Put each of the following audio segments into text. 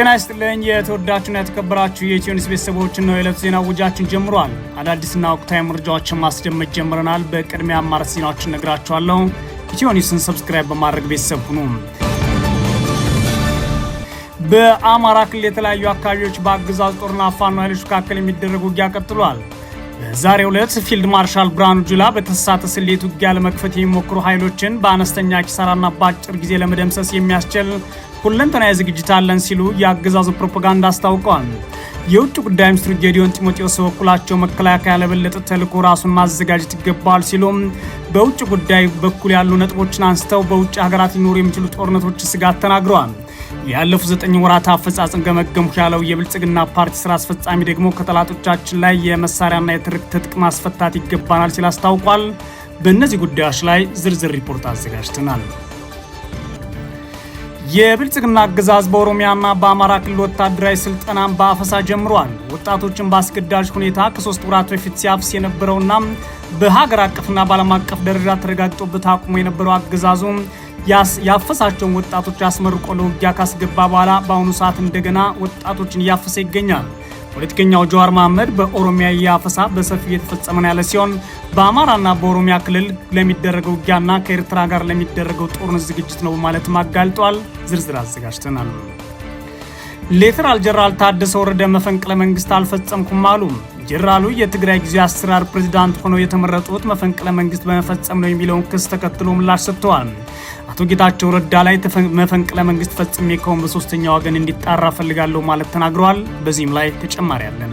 ጤና ይስጥልኝ የተወዳችሁና የተከበራችሁ የኢትዮኒስ ቤተሰቦች ነው። የዕለቱ ዜና ውጃችን ጀምሯል። አዳዲስና ወቅታዊ መረጃዎችን ማስደመጥ ጀምረናል። በቅድሚያ አማራ ዜናዎችን ነግራችኋለሁ። ኢትዮኒስን ሰብስክራይብ በማድረግ ቤተሰብ ሁኑ። በአማራ ክልል የተለያዩ አካባቢዎች በአገዛዙ ጦርና ፋኖ ኃይሎች መካከል የሚደረግ ውጊያ ቀጥሏል። በዛሬው ዕለት ፊልድ ማርሻል ብርሃኑ ጁላ በተሳተ ስሌት ውጊያ ለመክፈት የሚሞክሩ ኃይሎችን በአነስተኛ ኪሳራና በአጭር ጊዜ ለመደምሰስ የሚያስችል ሁለንተናዊ ዝግጅት አለን ሲሉ የአገዛዙ ፕሮፓጋንዳ አስታውቀዋል። የውጭ ጉዳይ ሚኒስትሩ ጌዲዮን ጢሞቴዎስ በበኩላቸው መከላከያ ለበለጠ ተልዕኮ ራሱን ማዘጋጀት ይገባል ሲሉም በውጭ ጉዳይ በኩል ያሉ ነጥቦችን አንስተው በውጭ ሀገራት ሊኖሩ የሚችሉ ጦርነቶች ስጋት ተናግረዋል። ያለፉ ዘጠኝ ወራት አፈጻጽም ገመገምኩ ያለው የብልጽግና ፓርቲ ስራ አስፈጻሚ ደግሞ ከጠላቶቻችን ላይ የመሳሪያና የትርክ ትጥቅ ማስፈታት ይገባናል ሲል አስታውቋል። በእነዚህ ጉዳዮች ላይ ዝርዝር ሪፖርት አዘጋጅተናል። የብልጽግና አገዛዝ በኦሮሚያና በአማራ ክልል ወታደራዊ ስልጠናን በአፈሳ ጀምሯል። ወጣቶችን በአስገዳጅ ሁኔታ ከሶስት ወራት በፊት ሲያፍስ የነበረውና በሀገር አቀፍና በዓለም አቀፍ ደረጃ ተረጋግጦበት አቁሞ የነበረው አገዛዙ ያፈሳቸውን ወጣቶች አስመርቆ ለውጊያ ካስገባ በኋላ በአሁኑ ሰዓት እንደገና ወጣቶችን እያፈሰ ይገኛል። ፖለቲከኛው ጀዋር መሐመድ በኦሮሚያ ያፈሳ በሰፊ እየተፈጸመ ነው ያለ ሲሆን በአማራና በኦሮሚያ ክልል ለሚደረገው ውጊያና ከኤርትራ ጋር ለሚደረገው ጦርነት ዝግጅት ነው በማለትም አጋልጧል። ዝርዝር አዘጋጅተናል። ሌተናል ጀነራል ታደሰ ወረደ መፈንቅለ መንግስት አልፈጸምኩም አሉ። ጀነራሉ የትግራይ ጊዜ አስተዳደር ፕሬዚዳንት ሆነው የተመረጡት መፈንቅለ መንግስት በመፈጸም ነው የሚለውን ክስ ተከትሎ ምላሽ ሰጥተዋል። አቶ ጌታቸው ረዳ ላይ መፈንቅለ መንግስት ፈጽሜ ከሆን በሶስተኛ ወገን እንዲጣራ ፈልጋለሁ ማለት ተናግረዋል። በዚህም ላይ ተጨማሪ አለን።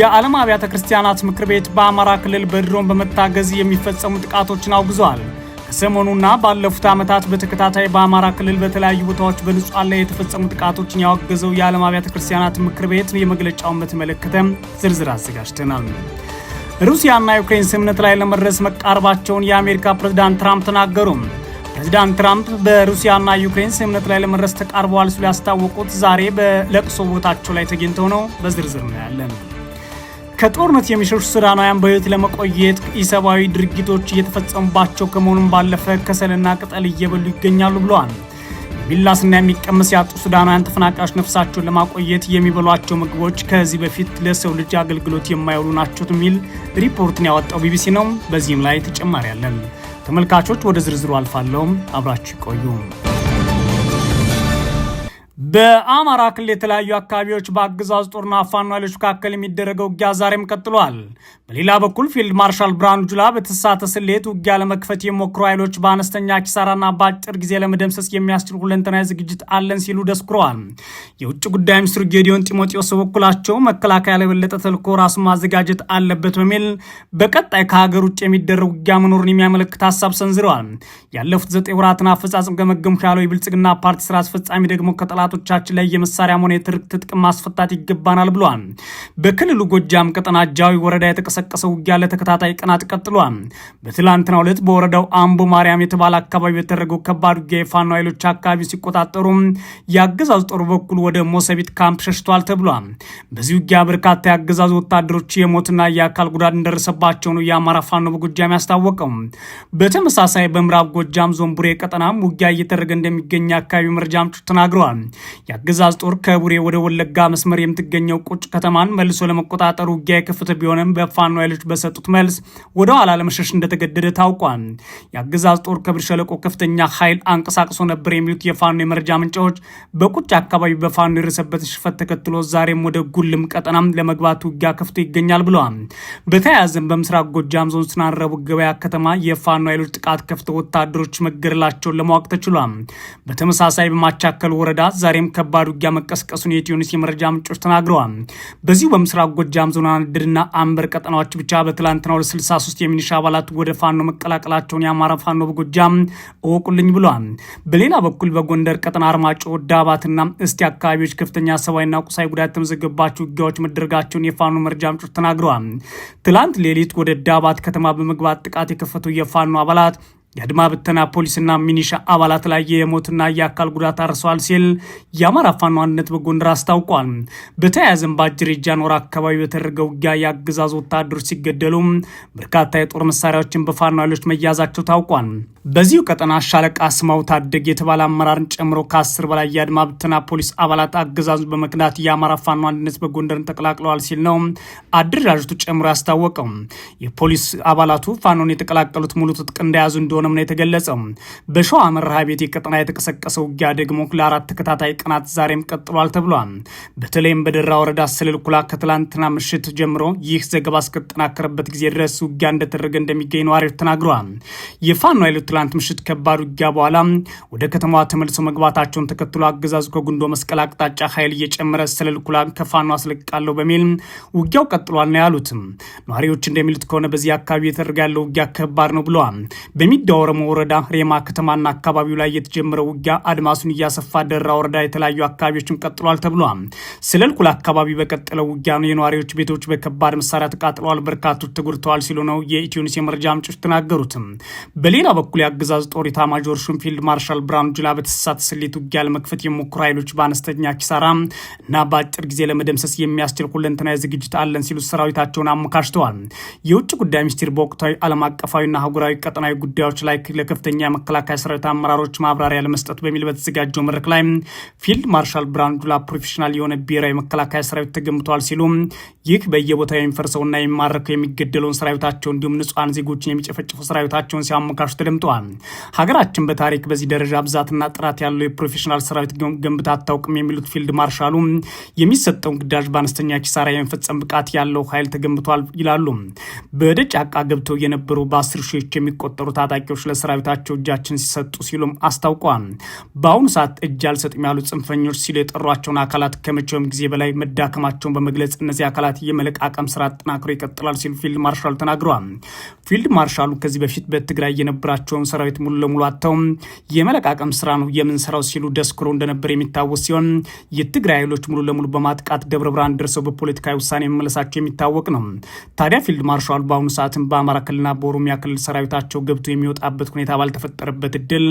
የዓለም አብያተ ክርስቲያናት ምክር ቤት በአማራ ክልል በድሮን በመታገዝ የሚፈጸሙ ጥቃቶችን አውግዘዋል። ሰሞኑና ባለፉት ዓመታት በተከታታይ በአማራ ክልል በተለያዩ ቦታዎች በንጹሐን ላይ የተፈጸሙ ጥቃቶችን ያወገዘው የዓለም አብያተ ክርስቲያናት ምክር ቤት የመግለጫውን በተመለከተ ዝርዝር አዘጋጅተናል። ሩሲያና ዩክሬን ስምምነት ላይ ለመድረስ መቃረባቸውን የአሜሪካ ፕሬዝዳንት ትራምፕ ተናገሩ። ፕሬዚዳንት ትራምፕ በሩሲያና ዩክሬን ስምምነት ላይ ለመድረስ ተቃርበዋል ሲሉ ያስታወቁት ዛሬ በለቅሶ ቦታቸው ላይ ተገኝተው ነው። በዝርዝር እናያለን። ከጦርነት የሚሸሹ ሱዳናውያን በህይወት ለመቆየት ኢሰብአዊ ድርጊቶች እየተፈጸሙባቸው ከመሆኑም ባለፈ ከሰልና ቅጠል እየበሉ ይገኛሉ ብለዋል። የሚላስና የሚቀመስ ያጡ ሱዳናውያን ተፈናቃዮች ነፍሳቸውን ለማቆየት የሚበሏቸው ምግቦች ከዚህ በፊት ለሰው ልጅ አገልግሎት የማይውሉ ናቸው የሚል ሪፖርትን ያወጣው ቢቢሲ ነው። በዚህም ላይ ተጨማሪ ያለን ተመልካቾች ወደ ዝርዝሩ አልፋለሁም። አብራችሁ ይቆዩ። በአማራ ክልል የተለያዩ አካባቢዎች በአገዛዝ ጦርና ፋኖ ኃይሎች መካከል የሚደረገው ውጊያ ዛሬም ቀጥሏል። በሌላ በኩል ፊልድ ማርሻል ብርሃኑ ጁላ በተሳተ ስሌት ውጊያ ለመክፈት የሞክሩ ኃይሎች በአነስተኛ ኪሳራና በአጭር ጊዜ ለመደምሰስ የሚያስችል ሁለንተናዊ ዝግጅት አለን ሲሉ ደስኩረዋል። የውጭ ጉዳይ ሚኒስትሩ ጌዲዮን ጢሞቴዎስ በበኩላቸው መከላከያ ለበለጠ ተልኮ ራሱን ማዘጋጀት አለበት በሚል በቀጣይ ከሀገር ውጭ የሚደረግ ውጊያ መኖሩን የሚያመለክት ሀሳብ ሰንዝረዋል። ያለፉት ዘጠኝ ወራትን አፈጻጽም ገመገሙ ያለው የብልጽግና ፓርቲ ስራ አስፈጻሚ ደግሞ ከጠላቶቻችን ላይ የመሳሪያም ሆነ የትርክ ትጥቅ ማስፈታት ይገባናል ብለዋል። በክልሉ ጎጃም ቀጠና ጃዊ ወረዳ የተቀሰ የተቀሰቀሰው ውጊያ ለተከታታይ ቀናት ቀጥሏል። በትላንትናው ዕለት በወረዳው አምቦ ማርያም የተባለ አካባቢ በተደረገው ከባድ ውጊያ የፋኖ ኃይሎች አካባቢ ሲቆጣጠሩ የአገዛዝ ጦር በኩል ወደ ሞሰቢት ካምፕ ሸሽቷል ተብሏል። በዚህ ውጊያ በርካታ የአገዛዝ ወታደሮች የሞትና የአካል ጉዳት እንደደረሰባቸው ነው የአማራ ፋኖ በጎጃም ያስታወቀው። በተመሳሳይ በምዕራብ ጎጃም ዞን ቡሬ ቀጠናም ውጊያ እየተደረገ እንደሚገኝ አካባቢ መረጃ ምንጮች ተናግረዋል። የአገዛዝ ጦር ከቡሬ ወደ ወለጋ መስመር የምትገኘው ቁጭ ከተማን መልሶ ለመቆጣጠር ውጊያ የከፈተ ቢሆንም በፋ የፋኖ ኃይሎች በሰጡት መልስ ወደ ኋላ ለመሸሽ እንደተገደደ ታውቋል። የአገዛዝ ጦር ከብር ሸለቆ ከፍተኛ ኃይል አንቀሳቅሶ ነበር የሚሉት የፋኖ የመረጃ ምንጫዎች በቁጭ አካባቢ በፋኖ የደረሰበትን ሽፈት ተከትሎ ዛሬም ወደ ጉልም ቀጠናም ለመግባት ውጊያ ከፍቶ ይገኛል ብለዋል። በተያያዘም በምስራቅ ጎጃም ዞን ስናረቡ ገበያ ከተማ የፋኖ ኃይሎች ጥቃት ከፍተው ወታደሮች መገደላቸውን ለማወቅ ተችሏል። በተመሳሳይ በማቻከል ወረዳ ዛሬም ከባድ ውጊያ መቀስቀሱን የኢትዮኒውስ የመረጃ ምንጮች ተናግረዋል። በዚሁ በምስራቅ ጎጃም ዞን አንድና አንበር ቀጠና ቀናዎች ብቻ በትላንትና ወደ 63 የሚኒሻ አባላት ወደ ፋኖ መቀላቀላቸውን የአማራ ፋኖ በጎጃም እወቁልኝ ብሏል። በሌላ በኩል በጎንደር ቀጠና አርማጮ፣ ዳባትና እስቲ አካባቢዎች ከፍተኛ ሰብአዊና ቁሳዊ ጉዳት የተመዘገባቸው ውጊያዎች መደረጋቸውን የፋኖ መረጃ ምንጮች ተናግረዋል። ትላንት ሌሊት ወደ ዳባት ከተማ በመግባት ጥቃት የከፈቱ የፋኖ አባላት የአድማ ብተና ፖሊስና ሚኒሻ አባላት ላይ የሞትና የአካል ጉዳት አርሰዋል ሲል የአማራ ፋኖ አንድነት በጎንደር አስታውቋል። በተያያዘም በአጅሬ ጃኖራ አካባቢ በተደረገ ውጊያ የአገዛዝ ወታደሮች ሲገደሉ በርካታ የጦር መሳሪያዎችን በፋኖ ኃይሎች መያዛቸው ታውቋል። በዚሁ ቀጠና ሻለቃ አስማው ታደግ የተባለ አመራርን ጨምሮ ከአስር በላይ የአድማ ፖሊስ አባላት አገዛዙ በመክዳት የአማራ ፋኖ አንድነት በጎንደርን ተቀላቅለዋል ሲል ነው አደረጃጀቱ ጨምሮ ያስታወቀው። የፖሊስ አባላቱ ፋኖን የተቀላቀሉት ሙሉ ትጥቅ እንደያዙ እንደሆነም ነው የተገለጸው። በሸዋ መርሃ ቤት የቀጠና የተቀሰቀሰ ውጊያ ደግሞ ለአራት ተከታታይ ቀናት ዛሬም ቀጥሏል ተብሏል። በተለይም በደራ ወረዳ ስልልኩላ ከትላንትና ምሽት ጀምሮ ይህ ዘገባ እስከተጠናከረበት ጊዜ ድረስ ውጊያ እንደተደረገ እንደሚገኝ ነዋሪዎች ተናግረዋል። የፋኖ ኃይሎች ከትላንት ምሽት ከባድ ውጊያ በኋላ ወደ ከተማዋ ተመልሰው መግባታቸውን ተከትሎ አገዛዙ ከጉንዶ መስቀል አቅጣጫ ኃይል እየጨመረ ስለልኩላ ከፋኖ አስለቅቃለሁ በሚል ውጊያው ቀጥሏል ነው ያሉትም። ነዋሪዎች እንደሚሉት ከሆነ በዚህ አካባቢ የተደረገ ያለው ውጊያ ከባድ ነው ብለዋል። በሚዳወረመ ወረዳ ሬማ ከተማና አካባቢው ላይ የተጀመረው ውጊያ አድማሱን እያሰፋ ደራ ወረዳ የተለያዩ አካባቢዎችም ቀጥሏል ተብሏል። ስለልኩላ አካባቢ በቀጠለው ውጊያ የነዋሪዎች ቤቶች በከባድ መሳሪያ ተቃጥለዋል፣ በርካቶች ተጎድተዋል ሲሉ ነው የኢትዮኒስ የመረጃ ምንጮች ተናገሩትም። በሌላ በኩል የአገዛዝ ጦር ኢታማጆር ሹም ፊልድ ማርሻል ብርሃኑ ጁላ በተሳሳተ ስሌት ውጊያ ለመክፈት የሞከሩ ኃይሎች በአነስተኛ ኪሳራ እና በአጭር ጊዜ ለመደምሰስ የሚያስችል ሁለንተናዊ ዝግጅት አለን ሲሉ ሰራዊታቸውን አሞካሽተዋል። የውጭ ጉዳይ ሚኒስቴር በወቅታዊ ዓለም አቀፋዊና አህጉራዊ ቀጠናዊ ጉዳዮች ላይ ለከፍተኛ የመከላከያ ሰራዊት አመራሮች ማብራሪያ ለመስጠት በሚል በተዘጋጀው መድረክ ላይ ፊልድ ማርሻል ብርሃኑ ጁላ ፕሮፌሽናል የሆነ ብሔራዊ መከላከያ ሰራዊት ተገምተዋል ሲሉ ይህ በየቦታው የሚፈርሰውና የሚማረከው የሚገደለውን ሰራዊታቸው እንዲሁም ንጹሐን ዜጎችን የሚጨፈጭፉ ሰራዊታቸውን ሲያመካሹ ተደምጠዋል። ብለዋል። ሀገራችን በታሪክ በዚህ ደረጃ ብዛትና ጥራት ያለው የፕሮፌሽናል ሰራዊት ገንብታ አታውቅም የሚሉት ፊልድ ማርሻሉ የሚሰጠውን ግዳጅ በአነስተኛ ኪሳራ የመፈጸም ብቃት ያለው ኃይል ተገንብቷል ይላሉ። በደጫቃ ገብተው የነበሩ በአስር ሺዎች የሚቆጠሩ ታጣቂዎች ለሰራዊታቸው እጃችን ሲሰጡ ሲሉም አስታውቋል። በአሁኑ ሰዓት እጅ አልሰጥም ያሉ ጽንፈኞች ሲሉ የጠሯቸውን አካላት ከመቼውም ጊዜ በላይ መዳከማቸውን በመግለጽ እነዚህ አካላት የመለቃቀም ስራ አጠናክሮ ይቀጥላል ሲሉ ፊልድ ማርሻል ተናግረዋል። ፊልድ ማርሻሉ ከዚህ በፊት በትግራይ የነበራቸውን ሰራዊት ሙሉ ለሙሉ አጥተው የመለቃቀም ስራ ነው የምንሰራው ሲሉ ደስክሮ እንደነበር የሚታወስ ሲሆን የትግራይ ኃይሎች ሙሉ ለሙሉ በማጥቃት ደብረ ብርሃን ደርሰው በፖለቲካዊ ውሳኔ መመለሳቸው የሚታወቅ ነው። ታዲያ ፊልድ ማርሻሉ በአሁኑ ሰዓትም በአማራ ክልልና በኦሮሚያ ክልል ሰራዊታቸው ገብቶ የሚወጣበት ሁኔታ ባልተፈጠረበት እድል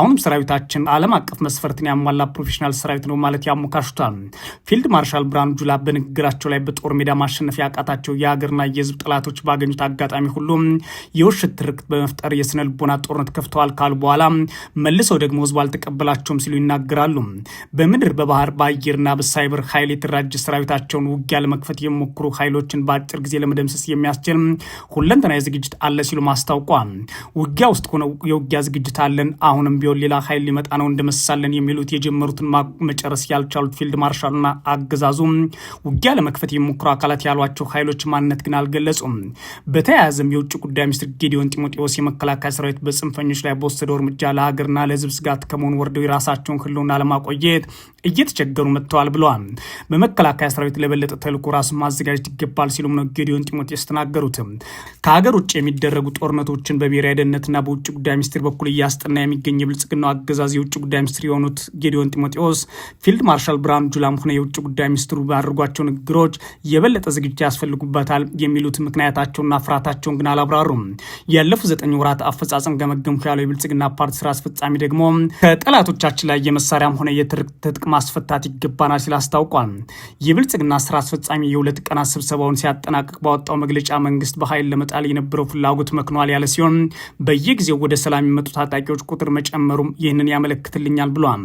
አሁንም ሰራዊታችን ዓለም አቀፍ መስፈርትን ያሟላ ፕሮፌሽናል ሰራዊት ነው ማለት ያሞካሽቷል። ፊልድ ማርሻል ብርሃኑ ጁላ በንግግራቸው ላይ በጦር ሜዳ ማሸነፍ ያቃታቸው የሀገርና የህዝብ ጠላቶች ባገኙት አጋጣሚ ሁሉም የውሸት ትርክት በመፍጠር የስነ ልቦና ጦርነት ከፍተዋል ካሉ በኋላ መልሰው ደግሞ ህዝቡ አልተቀበላቸውም ሲሉ ይናገራሉ። በምድር በባህር በአየርና በሳይበር ኃይል የተደራጀ ሰራዊታቸውን ውጊያ ለመክፈት የሚሞክሩ ኃይሎችን በአጭር ጊዜ ለመደምሰስ የሚያስችል ሁለንተና ዝግጅት አለ ሲሉ አስታውቋል። ውጊያ ውስጥ ሆነ የውጊያ ዝግጅት አለን፣ አሁንም ቢሆን ሌላ ኃይል ሊመጣ ነው እንደመሳለን የሚሉት የጀመሩትን መጨረስ ያልቻሉት ፊልድ ማርሻሉና አገዛዙ ውጊያ ለመክፈት የሚሞክሩ አካላት ያሏቸው ኃይሎች ማንነት ግን አልገለጹም። በተያያዘም የውጭ ጉዳይ ሚኒስትር ጌዲዮን ጢሞቴዎስ የመከላከያ ሰራዊት በጽንፈኞች ላይ በወሰደው እርምጃ ለሀገርና ለህዝብ ስጋት ከመሆን ወርደው የራሳቸውን ህልውና ለማቆየት እየተቸገሩ መጥተዋል ብለዋል። በመከላከያ ሰራዊት ለበለጠ ተልኮ ራሱን ማዘጋጀት ይገባል ሲሉም ነው ጌዲዮን ጢሞቴዎስ ተናገሩት። ከሀገር ውጭ የሚደረጉ ጦርነቶችን በብሔራዊ ደህንነትና በውጭ ጉዳይ ሚኒስትር በኩል እያስጠና የሚገኝ የብልጽግናው አገዛዝ የውጭ ጉዳይ ሚኒስትር የሆኑት ጌዲዮን ጢሞቴዎስ ፊልድ ማርሻል ብርሃኑ ጁላም ሆነ የውጭ ጉዳይ ሚኒስትሩ ባደርጓቸው ንግግሮች የበለጠ ዝግጅት ያስፈልጉበታል የሚሉት ምክንያታቸውና ፍርሃታቸውን ግን አላ አብራሩ። ያለፉ ዘጠኝ ወራት አፈጻጸም ገመገምኩ ያለው የብልጽግና ፓርቲ ስራ አስፈጻሚ ደግሞ ከጠላቶቻችን ላይ የመሳሪያም ሆነ ትጥቅ ማስፈታት ይገባናል ሲል አስታውቋል። የብልጽግና ስራ አስፈጻሚ የሁለት ቀናት ስብሰባውን ሲያጠናቅቅ ባወጣው መግለጫ መንግስት በኃይል ለመጣል የነበረው ፍላጎት መክኗል ያለ ሲሆን በየጊዜው ወደ ሰላም የመጡ ታጣቂዎች ቁጥር መጨመሩም ይህንን ያመለክትልኛል ብሏል።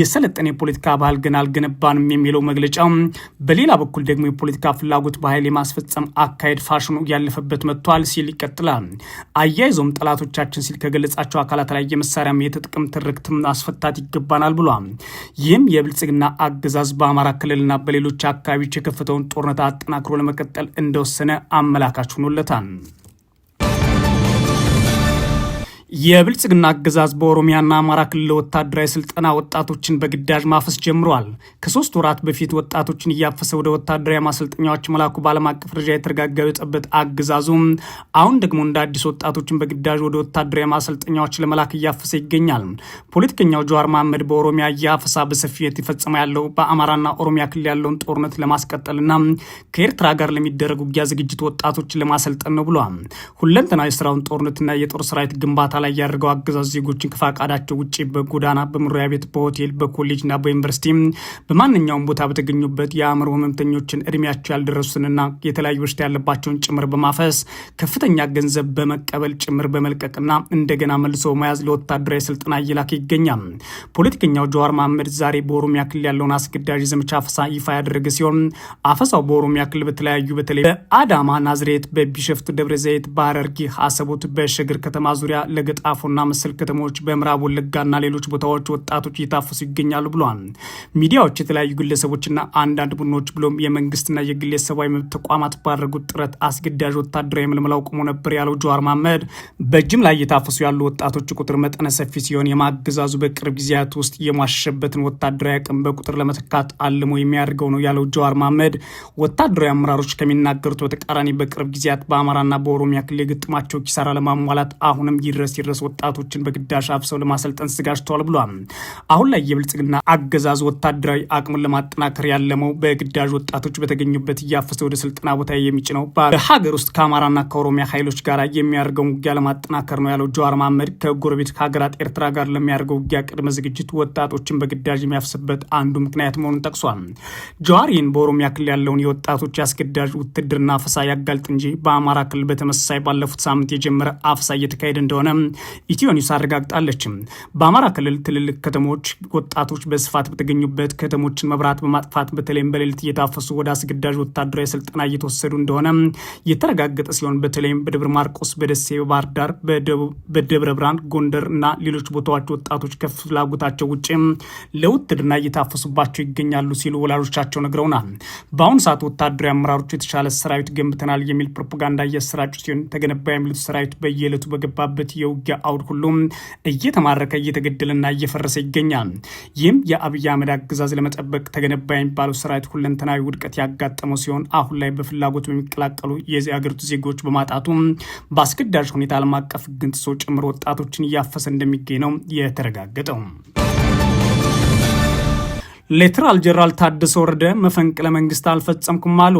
የሰለጠነ የፖለቲካ ባህል ግን አልገነባንም የሚለው መግለጫው በሌላ በኩል ደግሞ የፖለቲካ ፍላጎት በኃይል የማስፈጸም አካሄድ ፋሽኑ ያለፈበት መጥቷል ሲል ይቀጥላል። አያይዞም ጠላቶቻችን ሲል ከገለጻቸው አካላት ላይ የመሳሪያም የትጥቅም ትርክትም አስፈታት ይገባናል ብሏል። ይህም የብልጽግና አገዛዝ በአማራ ክልልና በሌሎች አካባቢዎች የከፈተውን ጦርነት አጠናክሮ ለመቀጠል እንደወሰነ አመላካች ሆኖለታል። የብልጽግና አገዛዝ በኦሮሚያና አማራ ክልል ወታደራዊ ስልጠና ወጣቶችን በግዳጅ ማፈስ ጀምሯል። ከሶስት ወራት በፊት ወጣቶችን እያፈሰ ወደ ወታደራዊ ማሰልጠኛዎች መላኩ በዓለም አቀፍ ደረጃ የተረጋገጠበት የጠበት አገዛዙም አሁን ደግሞ እንደ አዲስ ወጣቶችን በግዳጅ ወደ ወታደራዊ ማሰልጠኛዎች ለመላክ እያፈሰ ይገኛል። ፖለቲከኛው ጀዋር መሐመድ በኦሮሚያ እያፈሳ በሰፊነት ይፈጸመ ያለው በአማራና ኦሮሚያ ክልል ያለውን ጦርነት ለማስቀጠልና ከኤርትራ ጋር ለሚደረግ ውጊያ ዝግጅት ወጣቶችን ለማሰልጠን ነው ብሏል። ሁለንተናዊ የስራውን ጦርነትና የጦር ሰራዊት ግንባታ ላይ ያደርገው አገዛዝ ዜጎችን ከፈቃዳቸው ውጭ በጎዳና፣ በመኖሪያ ቤት፣ በሆቴል፣ በኮሌጅና በዩኒቨርሲቲ በማንኛውም ቦታ በተገኙበት የአእምሮ ህመምተኞችን እድሜያቸው ያልደረሱንና የተለያዩ በሽታ ያለባቸውን ጭምር በማፈስ ከፍተኛ ገንዘብ በመቀበል ጭምር በመልቀቅና እንደገና መልሶ መያዝ ለወታደራዊ ስልጠና እየላከ ይገኛል። ፖለቲከኛው ጀዋር መሐመድ ዛሬ በኦሮሚያ ክልል ያለውን አስገዳጅ ዘመቻ አፈሳ ይፋ ያደረገ ሲሆን አፈሳው በኦሮሚያ ክልል በተለያዩ በተለይ በአዳማ፣ ናዝሬት፣ በቢሸፍቱ፣ ደብረ ዘይት፣ በሐረርጌ፣ አሰቦት፣ በሸገር ከተማ ዙሪያ ለ ገጣፎና መሰል ከተሞች በምዕራብ ወለጋና ሌሎች ቦታዎች ወጣቶች እየታፈሱ ይገኛሉ ብሏል። ሚዲያዎች የተለያዩ ግለሰቦችና አንዳንድ ቡድኖች ብሎም የመንግስትና የግል የሰብአዊ መብት ተቋማት ባደረጉት ጥረት አስገዳጅ ወታደራዊ ምልመላ ቆሞ ነበር ያለው ጀዋር መሐመድ ላይ እየታፈሱ ያሉ ወጣቶች ቁጥር መጠነ ሰፊ ሲሆን የማገዛዙ በቅርብ ጊዜያት ውስጥ የሟሸበትን ወታደራዊ አቅም በቁጥር ለመተካት አልሞ የሚያደርገው ነው ያለው ጀዋር መሐመድ ወታደራዊ አመራሮች ከሚናገሩት በተቃራኒ በቅርብ ጊዜያት በአማራና በኦሮሚያ ክልል የገጠማቸው ኪሳራ ለማሟላት አሁንም ይድረስ ሲድረስ ወጣቶችን በግዳሽ አፍሰው ለማሰልጠን ተዘጋጅተዋል ብሏል። አሁን ላይ የብልጽግና አገዛዝ ወታደራዊ አቅሙን ለማጠናከር ያለመው በግዳጅ ወጣቶች በተገኙበት እያፈሰ ወደ ስልጠና ቦታ የሚጭነው በሀገር ውስጥ ከአማራና ከኦሮሚያ ኃይሎች ጋር የሚያደርገውን ውጊያ ለማጠናከር ነው ያለው ጀዋር መሐመድ። ከጎረቤት ከሀገራት ኤርትራ ጋር ለሚያደርገው ውጊያ ቅድመ ዝግጅት ወጣቶችን በግዳጅ የሚያፍስበት አንዱ ምክንያት መሆኑን ጠቅሷል። ጀዋር ይህን በኦሮሚያ ክልል ያለውን የወጣቶች አስገዳጅ ውትድርና አፈሳ ያጋልጥ እንጂ በአማራ ክልል በተመሳሳይ ባለፉት ሳምንት የጀመረ አፈሳ እየተካሄደ እንደሆነ ኢትዮ ኒውስ አረጋግጣለችም። በአማራ ክልል ትልልቅ ከተሞች ወጣቶች በስፋት በተገኙበት ከተሞችን መብራት በማጥፋት በተለይም በሌሊት እየታፈሱ ወደ አስገዳጅ ወታደራዊ ስልጠና እየተወሰዱ እንደሆነ የተረጋገጠ ሲሆን በተለይም በደብረ ማርቆስ፣ በደሴ፣ በባህር ዳር፣ በደብረ ብርሃን፣ ጎንደር እና ሌሎች ቦታዎች ወጣቶች ከፍላጎታቸው ውጭ ለውትድና እየታፈሱባቸው ይገኛሉ ሲሉ ወላጆቻቸው ነግረውናል። በአሁኑ ሰዓት ወታደራዊ አመራሮች የተሻለ ሰራዊት ገንብተናል የሚል ፕሮፓጋንዳ እያሰራጩ ሲሆን ተገነባ የሚሉት ሰራዊት በየዕለቱ በገባበት የው የውጊያ አውድ ሁሉም እየተማረከ እየተገደለና እየፈረሰ ይገኛል። ይህም የአብይ አህመድ አገዛዝ ለመጠበቅ ተገነባ የሚባለው ሰራዊት ሁለንተናዊ ውድቀት ያጋጠመው ሲሆን አሁን ላይ በፍላጎቱ የሚቀላቀሉ የዚህ አገሪቱ ዜጎች በማጣቱ በአስገዳጅ ሁኔታ ዓለም አቀፍ ግንጥሶ ጭምር ወጣቶችን እያፈሰ እንደሚገኝ ነው የተረጋገጠው። ሌተናል ጀነራል ታደሰ ወረደ መፈንቅለ መንግስት አልፈጸምኩም አሉ።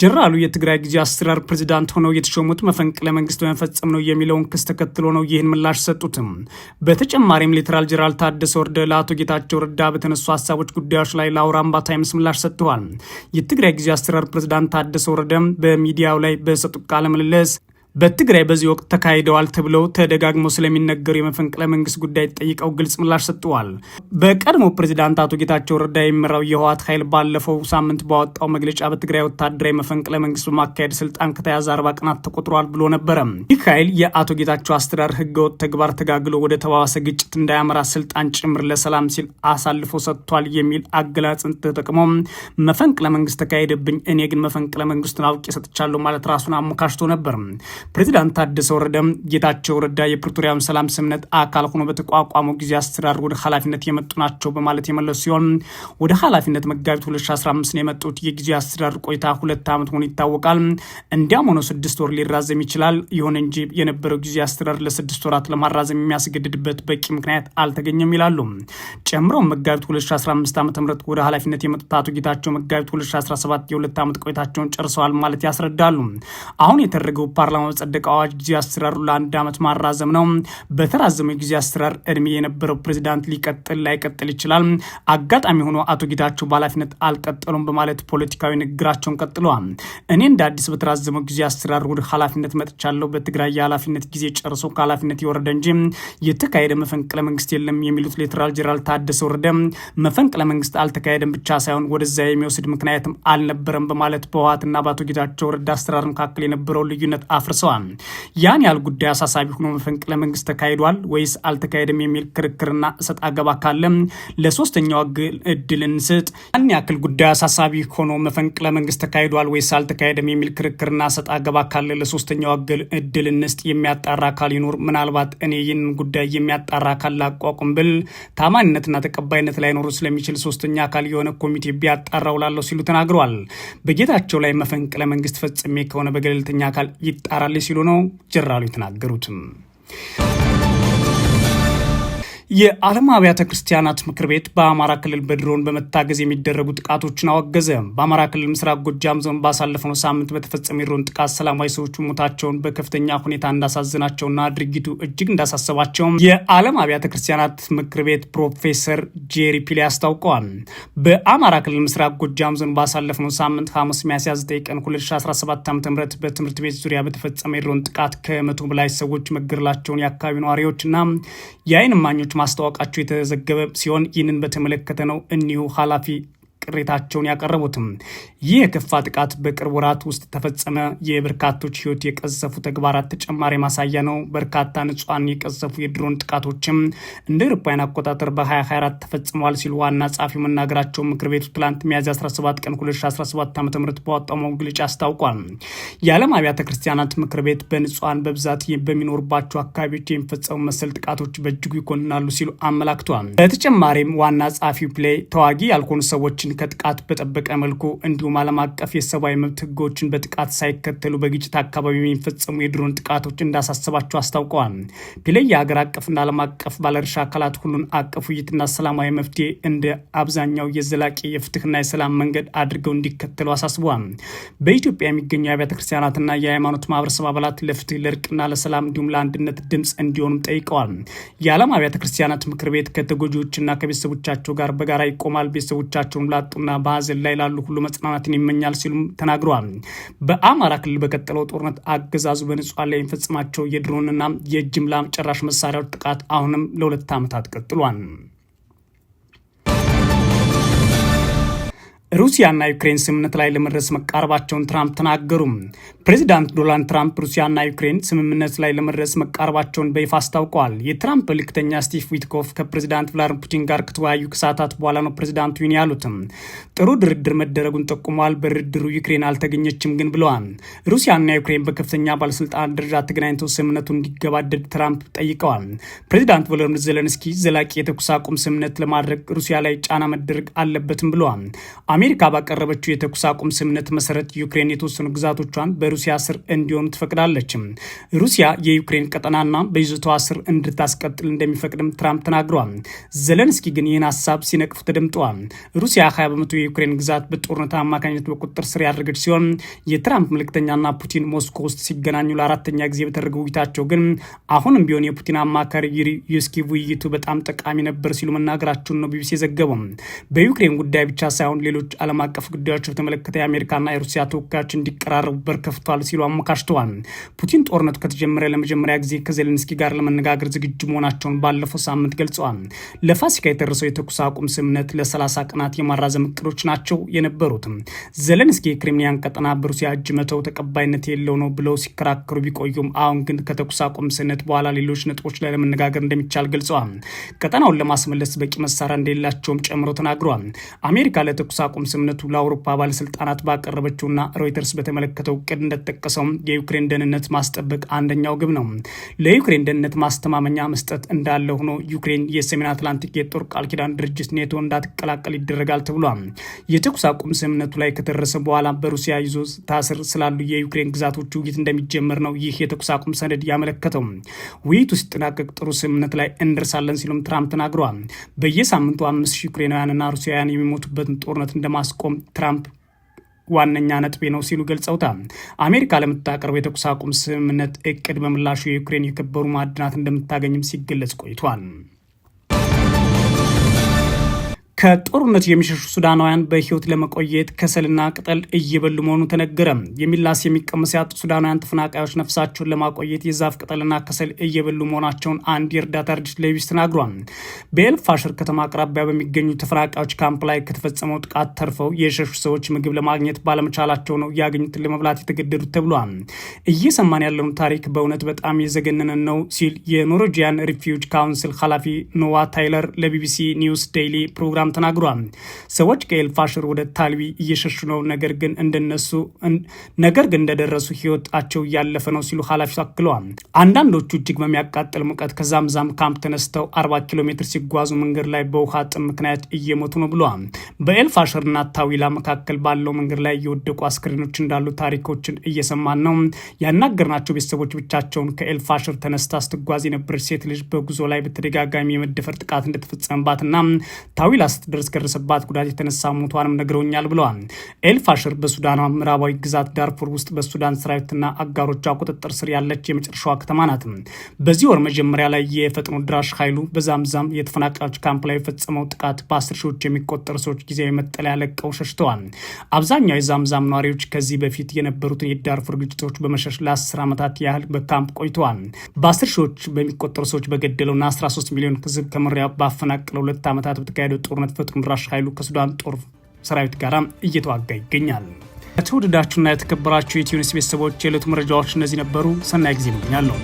ጀነራሉ የትግራይ ጊዜ አስተዳደር ፕሬዚዳንት ሆነው የተሾሙት መፈንቅለ መንግስት በመፈጸም ነው የሚለውን ክስ ተከትሎ ነው ይህን ምላሽ ሰጡትም። በተጨማሪም ሌተናል ጀነራል ታደሰ ወረደ ለአቶ ጌታቸው ረዳ በተነሱ ሀሳቦች ጉዳዮች ላይ ለአውራምባ ታይምስ ምላሽ ሰጥተዋል። የትግራይ ጊዜ አስተዳደር ፕሬዚዳንት ታደሰ ወረደ በሚዲያው ላይ በሰጡት ቃለ ምልልስ በትግራይ በዚህ ወቅት ተካሂደዋል ተብለው ተደጋግመው ስለሚነገሩ የመፈንቅለ መንግስት ጉዳይ ጠይቀው ግልጽ ምላሽ ሰጥተዋል። በቀድሞ ፕሬዚዳንት አቶ ጌታቸው ረዳ የሚመራው የህወሓት ኃይል ባለፈው ሳምንት ባወጣው መግለጫ በትግራይ ወታደራዊ መፈንቅለ መንግስት በማካሄድ ስልጣን ከተያዘ አርባ ቀናት ተቆጥሯል ብሎ ነበረ። ይህ ኃይል የአቶ ጌታቸው አስተዳደር ህገወጥ ተግባር ተጋግሎ ወደ ተባባሰ ግጭት እንዳያመራ ስልጣን ጭምር ለሰላም ሲል አሳልፎ ሰጥቷል የሚል አገላጽን ተጠቅሞ መፈንቅለ መንግስት ተካሄደብኝ፣ እኔ ግን መፈንቅለ መንግስቱን አውቄ ሰጥቻለሁ ማለት ራሱን አሞካሽቶ ነበር። ፕሬዚዳንት ታደሰ ወረደም ጌታቸው ረዳ የፕሪቶሪያም ሰላም ስምነት አካል ሆኖ በተቋቋመው ጊዜ አስተዳደር ወደ ኃላፊነት የመጡ ናቸው በማለት የመለሱ ሲሆን ወደ ኃላፊነት መጋቢት 2015 የመጡት። የጊዜ አስተዳደር ቆይታ ሁለት ዓመት ሆኖ ይታወቃል። እንዲያም ሆኖ ስድስት ወር ሊራዘም ይችላል። ይሁን እንጂ የነበረው ጊዜ አስተዳደር ለስድስት ወራት ለማራዘም የሚያስገድድበት በቂ ምክንያት አልተገኘም ይላሉ። ጨምረውም መጋቢት 2015 ዓ ም ወደ ኃላፊነት የመጡት አቶ ጌታቸው መጋቢት 2017 የሁለት ዓመት ቆይታቸውን ጨርሰዋል ማለት ያስረዳሉ። አሁን የተደረገው ፓርላማ ጸደቀ አዋጅ ጊዜ አሰራሩ ለአንድ ዓመት ማራዘም ነው። በተራዘመው ጊዜ አሰራር እድሜ የነበረው ፕሬዚዳንት ሊቀጥል ላይቀጥል ይችላል። አጋጣሚ ሆኖ አቶ ጌታቸው በኃላፊነት አልቀጠሉም በማለት ፖለቲካዊ ንግግራቸውን ቀጥለዋል። እኔ እንደ አዲስ በተራዘመው ጊዜ አሰራር ወደ ኃላፊነት መጥቻለሁ። በትግራይ የኃላፊነት ጊዜ ጨርሶ ከኃላፊነት የወረደ እንጂ የተካሄደ መፈንቅለ መንግስት የለም የሚሉት ሌተናል ጄኔራል ታደሰ ወረደ መፈንቅለ መንግስት አልተካሄደም ብቻ ሳይሆን ወደዛ የሚወስድ ምክንያትም አልነበረም በማለት በህወሓትና በአቶ ጌታቸው ረዳ አሰራር መካከል የነበረው ልዩነት አፍርሰው ጠቅሰዋል። ያን ያህል ጉዳይ አሳሳቢ ሆኖ መፈንቅለ መንግስት ተካሂዷል ወይስ አልተካሄደም የሚል ክርክርና እሰጥ አገባ ካለም ለሶስተኛው እድል እንስጥ። ያን ያክል ጉዳይ አሳሳቢ ሆኖ መፈንቅለ መንግስት ተካሂዷል ወይስ አልተካሄደም የሚል ክርክርና እሰጥ አገባ ካለ ለሶስተኛው እድል እንስጥ። የሚያጣራ አካል ይኖር። ምናልባት እኔ ይህን ጉዳይ የሚያጣራ አካል ላቋቁም ብል ታማኝነትና ተቀባይነት ላይኖሩ ስለሚችል ሶስተኛ አካል የሆነ ኮሚቴ ቢያጣራው ላለው ሲሉ ተናግረዋል። በጌታቸው ላይ መፈንቅለ መንግስት ፈጽሜ ከሆነ በገለልተኛ አካል ይጣራል ሲሉ ነው ጀራሉ የተናገሩትም። የዓለም አብያተ ክርስቲያናት ምክር ቤት በአማራ ክልል በድሮን በመታገዝ የሚደረጉ ጥቃቶችን አወገዘ። በአማራ ክልል ምስራቅ ጎጃም ዞን ባሳለፍነው ሳምንት በተፈጸመ የድሮን ጥቃት ሰላማዊ ሰዎቹ ሞታቸውን በከፍተኛ ሁኔታ እንዳሳዘናቸውና ድርጊቱ እጅግ እንዳሳሰባቸው የዓለም አብያተ ክርስቲያናት ምክር ቤት ፕሮፌሰር ጄሪ ፒሊ አስታውቀዋል። በአማራ ክልል ምስራቅ ጎጃም ዞን ባሳለፍነው ሳምንት ሐሙስ ሚያዝያ 9 ቀን 2017 ዓ.ም በትምህርት ቤት ዙሪያ በተፈጸመ የድሮን ጥቃት ከመቶ በላይ ሰዎች መገደላቸውን የአካባቢው ነዋሪዎችና የአይን እማኞች ማስታወቃቸው የተዘገበ ሲሆን ይህንን በተመለከተ ነው እኒሁ ኃላፊ ቅሬታቸውን ያቀረቡትም። ይህ የከፋ ጥቃት በቅርብ ወራት ውስጥ ተፈጸመ የበርካቶች ህይወት የቀዘፉ ተግባራት ተጨማሪ ማሳያ ነው። በርካታ ንጹሐን የቀዘፉ የድሮን ጥቃቶችም እንደ አውሮፓውያን አቆጣጠር በ2024 ተፈጽመዋል ሲሉ ዋና ጸሐፊው መናገራቸው ምክር ቤቱ ትላንት ሚያዝያ 17 ቀን 2017 ዓ ም በወጣው መግለጫ አስታውቋል። የዓለም አብያተ ክርስቲያናት ምክር ቤት በንጹሐን በብዛት በሚኖርባቸው አካባቢዎች የሚፈጸሙ መሰል ጥቃቶች በእጅጉ ይኮንናሉ ሲሉ አመላክቷል። በተጨማሪም ዋና ጸሐፊው ፕሌይ ተዋጊ ያልሆኑ ሰዎችን ከጥቃት በጠበቀ መልኩ እንዲሁም ዓለም አቀፍ የሰብአዊ መብት ህጎችን በጥቃት ሳይከተሉ በግጭት አካባቢ የሚፈጸሙ የድሮን ጥቃቶች እንዳሳሰባቸው አስታውቀዋል። ፒላይ የሀገር አቀፍና ዓለም አቀፍ ባለድርሻ አካላት ሁሉን አቀፍ ውይይትና ሰላማዊ መፍትሄ እንደ አብዛኛው የዘላቂ የፍትህና የሰላም መንገድ አድርገው እንዲከተሉ አሳስበዋል። በኢትዮጵያ የሚገኙ የአብያተ ክርስቲያናትና የሃይማኖት ማህበረሰብ አባላት ለፍትህ ለእርቅና ለሰላም እንዲሁም ለአንድነት ድምፅ እንዲሆኑም ጠይቀዋል። የዓለም አብያተ ክርስቲያናት ምክር ቤት ከተጎጂዎችና ከቤተሰቦቻቸው ጋር በጋራ ይቆማል ቤተሰቦቻቸውን ላጡና በሀዘን ላይ ላሉ ሁሉ መጽናናትን ይመኛል ሲሉም ተናግረዋል። በአማራ ክልል በቀጠለው ጦርነት አገዛዙ በንጹሐን ላይ የሚፈጽማቸው የድሮንና የጅምላ ጨራሽ መሳሪያዎች ጥቃት አሁንም ለሁለት ዓመታት ቀጥሏል። ሩሲያና ዩክሬን ስምምነት ላይ ለመድረስ መቃረባቸውን ትራምፕ ተናገሩ። ፕሬዚዳንት ዶናልድ ትራምፕ ሩሲያና ዩክሬን ስምምነት ላይ ለመድረስ መቃረባቸውን በይፋ አስታውቀዋል። የትራምፕ ልክተኛ ስቲቭ ዊትኮፍ ከፕሬዚዳንት ቭላድሚር ፑቲን ጋር ከተወያዩ ከሰዓታት በኋላ ነው ፕሬዚዳንቱ ይህን ያሉትም። ጥሩ ድርድር መደረጉን ጠቁመዋል። በድርድሩ ዩክሬን አልተገኘችም ግን ብለዋል። ሩሲያና ዩክሬን በከፍተኛ ባለስልጣናት ደረጃ ተገናኝተው ስምምነቱ እንዲገባደድ ትራምፕ ጠይቀዋል። ፕሬዚዳንት ቮሎዲሚር ዘለንስኪ ዘላቂ የተኩስ አቁም ስምምነት ለማድረግ ሩሲያ ላይ ጫና መደረግ አለበትም ብለዋል። አሜሪካ ባቀረበችው የተኩስ አቁም ስምምነት መሰረት ዩክሬን የተወሰኑ ግዛቶቿን በሩሲያ ስር እንዲሆኑ ትፈቅዳለች። ሩሲያ የዩክሬን ቀጠናና በይዞታዋ ስር እንድታስቀጥል እንደሚፈቅድም ትራምፕ ተናግረዋል። ዘለንስኪ ግን ይህን ሀሳብ ሲነቅፉ ተደምጠዋል። ሩሲያ 20 በመቶ የዩክሬን ግዛት በጦርነት አማካኝነት በቁጥጥር ስር ያደረገች ሲሆን የትራምፕ ምልክተኛና ፑቲን ሞስኮ ውስጥ ሲገናኙ ለአራተኛ ጊዜ በተደረገ ውይይታቸው ግን አሁንም ቢሆን የፑቲን አማካሪ ዩሪ ዩስኪ ውይይቱ በጣም ጠቃሚ ነበር ሲሉ መናገራቸውን ነው ቢቢሲ የዘገበው። በዩክሬን ጉዳይ ብቻ ሳይሆን ሌሎች ዓለም አቀፍ ጉዳዮች በተመለከተ የአሜሪካና የሩሲያ ተወካዮች እንዲቀራረቡ በር ከፍቷል ሲሉ አሞካሽተዋል። ፑቲን ጦርነቱ ከተጀመረ ለመጀመሪያ ጊዜ ከዜሌንስኪ ጋር ለመነጋገር ዝግጁ መሆናቸውን ባለፈው ሳምንት ገልጸዋል። ለፋሲካ የደረሰው የተኩስ አቁም ስምምነት ለ30 ቀናት የማራዘም እቅዶች ናቸው የነበሩትም። ዜሌንስኪ የክሪሚያን ቀጠና በሩሲያ እጅ መተው ተቀባይነት የለው ነው ብለው ሲከራከሩ ቢቆዩም አሁን ግን ከተኩስ አቁም ስምምነት በኋላ ሌሎች ነጥቦች ላይ ለመነጋገር እንደሚቻል ገልጸዋል። ቀጠናውን ለማስመለስ በቂ መሳሪያ እንደሌላቸውም ጨምሮ ተናግረዋል። አሜሪካ ለተኩስ የማቆም ስምነቱ ለአውሮፓ ባለስልጣናት ባቀረበችውና ሮይተርስ በተመለከተው እቅድ እንደተጠቀሰው የዩክሬን ደህንነት ማስጠበቅ አንደኛው ግብ ነው። ለዩክሬን ደህንነት ማስተማመኛ መስጠት እንዳለ ሆኖ ዩክሬን የሰሜን አትላንቲክ የጦር ቃል ኪዳን ድርጅት ኔቶ እንዳትቀላቀል ይደረጋል ተብሏል። የተኩስ አቁም ስምነቱ ላይ ከተደረሰ በኋላ በሩሲያ ይዞታ ስር ስላሉ የዩክሬን ግዛቶች ውይይት እንደሚጀመር ነው ይህ የተኩስ አቁም ሰነድ ያመለከተው። ውይይቱ ሲጠናቀቅ ጥሩ ስምምነት ላይ እንደርሳለን ሲሉም ትራምፕ ተናግረዋል። በየሳምንቱ አምስት ሺህ ዩክሬናውያንና ሩሲያውያን የሚሞቱበትን ጦርነት እንደ ለማስቆም ትራምፕ ዋነኛ ነጥቤ ነው ሲሉ ገልጸውታል። አሜሪካ ለምታቀርበው የተኩስ አቁም ስምምነት እቅድ በምላሹ የዩክሬን የከበሩ ማዕድናት እንደምታገኝም ሲገለጽ ቆይቷል። ከጦርነት የሚሸሹ ሱዳናውያን በህይወት ለመቆየት ከሰልና ቅጠል እየበሉ መሆኑ ተነገረ። የሚላስ የሚቀመስ ያጡ ሱዳናውያን ተፈናቃዮች ነፍሳቸውን ለማቆየት የዛፍ ቅጠልና ከሰል እየበሉ መሆናቸውን አንድ የእርዳታ ድርጅት ለቢስ ተናግሯል። በኤልፋሽር ከተማ አቅራቢያ በሚገኙ ተፈናቃዮች ካምፕ ላይ ከተፈጸመው ጥቃት ተርፈው የሸሹ ሰዎች ምግብ ለማግኘት ባለመቻላቸው ነው ያገኙትን ለመብላት የተገደዱት ተብሏል። እየሰማን ያለውን ታሪክ በእውነት በጣም የዘገነነ ነው ሲል የኖርዌጂያን ሪፊውጅ ካውንስል ኃላፊ ኖዋ ታይለር ለቢቢሲ ኒውስ ዴይሊ ፕሮግራም ትራምፕ ተናግሯል። ሰዎች ከኤልፋሽር ወደ ታልዊ እየሸሹ ነው፣ ነገር ግን እንደነሱ ነገር ግን እንደደረሱ ህይወታቸው እያለፈ ነው ሲሉ ኃላፊው አክለዋል። አንዳንዶቹ እጅግ በሚያቃጥል ሙቀት ከዛምዛም ካምፕ ተነስተው 40 ኪሎ ሜትር ሲጓዙ መንገድ ላይ በውሃ ጥም ምክንያት እየሞቱ ነው ብለዋል። በኤልፋሽርና ታዊላ መካከል ባለው መንገድ ላይ የወደቁ አስክሬኖች እንዳሉ ታሪኮችን እየሰማን ነው። ያናገርናቸው ቤተሰቦች ብቻቸውን ከኤልፋሽር ተነስታ ስትጓዝ የነበረች ሴት ልጅ በጉዞ ላይ በተደጋጋሚ የመደፈር ጥቃት እንደተፈጸመባትና ታዊላ ስትደርስ ከደረሰባት ጉዳት የተነሳ ሞቷንም ነግረውኛል ብለዋል። ኤልፋሽር በሱዳኗ ምዕራባዊ ግዛት ዳርፉር ውስጥ በሱዳን ሰራዊትና አጋሮቿ ቁጥጥር ስር ያለች የመጨረሻዋ ከተማ ናት። በዚህ ወር መጀመሪያ ላይ የፈጥኖ ድራሽ ኃይሉ በዛምዛም የተፈናቃዮች ካምፕ ላይ የፈጸመው ጥቃት በአስር ሺዎች የሚቆጠሩ ሰዎች ጊዜያዊ መጠለያ ለቀው ሸሽተዋል። አብዛኛው የዛምዛም ነዋሪዎች ከዚህ በፊት የነበሩትን የዳርፉር ግጭቶች በመሸሽ ለአስር ዓመታት ያህል በካምፕ ቆይተዋል። በአስር ሺዎች በሚቆጠሩ ሰዎች በገደለውና 13 ሚሊዮን ህዝብ ከመሪያ ባፈናቀለው ሁለት ዓመታት በተካሄደው ጦርነት ፈጥኖ ደራሽ ኃይሉ ከሱዳን ጦር ሰራዊት ጋር እየተዋጋ ይገኛል። የተወደዳችሁና የተከበራችሁ የኢትዮ ኒውስ ቤተሰቦች የዕለቱ መረጃዎች እነዚህ ነበሩ። ሰናይ ጊዜ እመኛለሁ።